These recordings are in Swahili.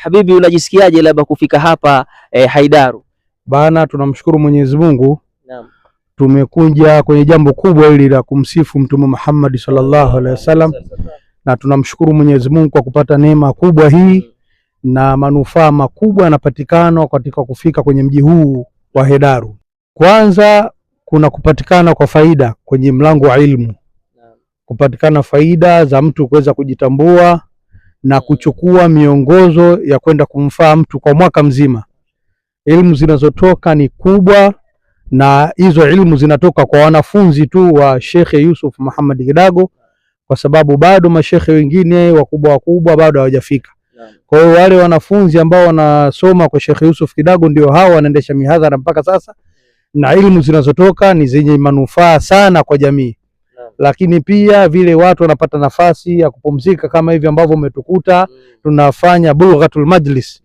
Habibi, unajisikiaje labda kufika hapa eh, Haidaru? Bana, tunamshukuru Mwenyezi Mungu. Naam. Tumekuja kwenye jambo kubwa hili la kumsifu Mtume Muhammad sallallahu alaihi wasallam na tunamshukuru Mwenyezi Mungu kwa kupata neema kubwa hii na manufaa makubwa yanapatikana katika kufika kwenye mji huu wa Hedaru. Kwanza kuna kupatikana kwa faida kwenye mlango wa ilmu, kupatikana faida za mtu kuweza kujitambua na kuchukua miongozo ya kwenda kumfaa mtu kwa mwaka mzima. Elimu zinazotoka ni kubwa, na hizo elimu zinatoka kwa wanafunzi tu wa Shekhe Yusuf Muhammad Kidago, kwa sababu bado mashekhe wengine wakubwa wakubwa bado hawajafika. Kwa hiyo wale wanafunzi ambao wanasoma kwa Shekhe Yusuf Kidago ndio hao wanaendesha mihadhara mpaka sasa, na elimu zinazotoka ni zenye manufaa sana kwa jamii lakini pia vile watu wanapata nafasi ya kupumzika kama hivi ambavyo umetukuta mm. tunafanya bulghatul majlis,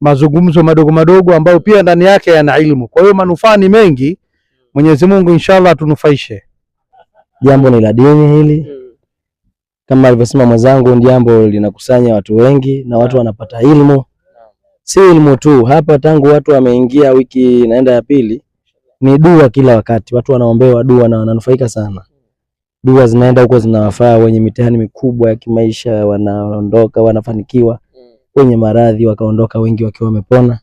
mazungumzo madogo madogo ambayo pia ndani yake yana ilmu. Kwa hiyo manufaa ni mengi. Mm. Mwenyezi Mungu inshallah tunufaishe. Jambo ni la dini hili, mm. kama alivyosema mwenzangu, jambo linakusanya watu wengi na watu wanapata ilmu. Si ilmu tu hapa, tangu watu wameingia wiki naenda ya pili, ni dua kila wakati, watu wanaombewa dua na wananufaika sana dua zinaenda huko zinawafaa wenye mitihani mikubwa ya kimaisha, wanaondoka wanafanikiwa, wenye maradhi wakaondoka wengi wakiwa wamepona.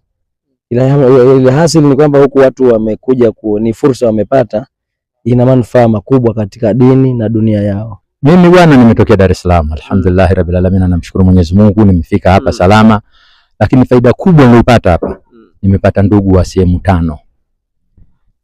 Ila hasili ni kwamba huku watu wamekuja ku, ni fursa wamepata, ina manufaa makubwa katika dini na dunia yao. Mimi bwana, nimetokea Dar es Salaam, alhamdulillah rabbil alamin, namshukuru Mwenyezi Mungu nimefika hapa mm. salama, lakini faida kubwa niliyopata hapa, mm. nimepata ndugu wa sehemu tano,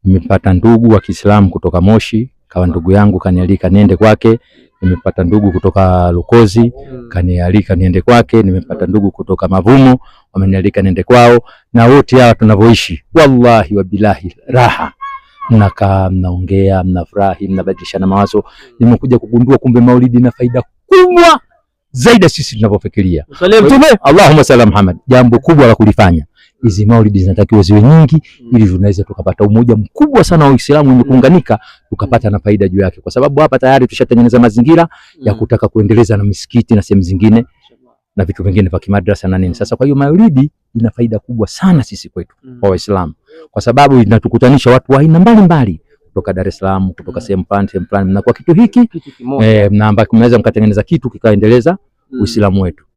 nimepata ndugu wa Kiislamu kutoka Moshi kawa ndugu yangu kanialika niende kwake, nimepata ndugu kutoka Lukozi hmm. kanialika niende kwake, nimepata ndugu kutoka Mavumo wamenialika niende kwao, na wote hawa tunavyoishi, wallahi wabilahi, raha mnakaa mnaongea, mnafurahi, mnabadilishana mawazo. Nimekuja kugundua kumbe maulidi na faida kubwa zaidi sisi tunavyofikiria. Allahumma salla Muhammad, jambo kubwa la kulifanya hizi maulidi zinatakiwa ziwe nyingi mm. ili tunaweza tukapata umoja mkubwa sana wa Uislamu wenye mm. kuunganika tukapata na faida juu yake, kwa sababu hapa tayari tushatengeneza mazingira ya mm. kutaka kuendeleza na misikiti na sehemu zingine na vitu vingine vya kimadrasa na nini. Sasa kwa hiyo maulidi ina faida kubwa sana sisi kwetu kwa Waislamu, kwa sababu inatukutanisha watu wa aina mbalimbali kutoka Dar es Salaam, kutoka mm. sehemu fulani sehemu fulani, na kwa kitu hiki eh, na mnaweza mkatengeneza kitu kikaendeleza Uislamu wetu.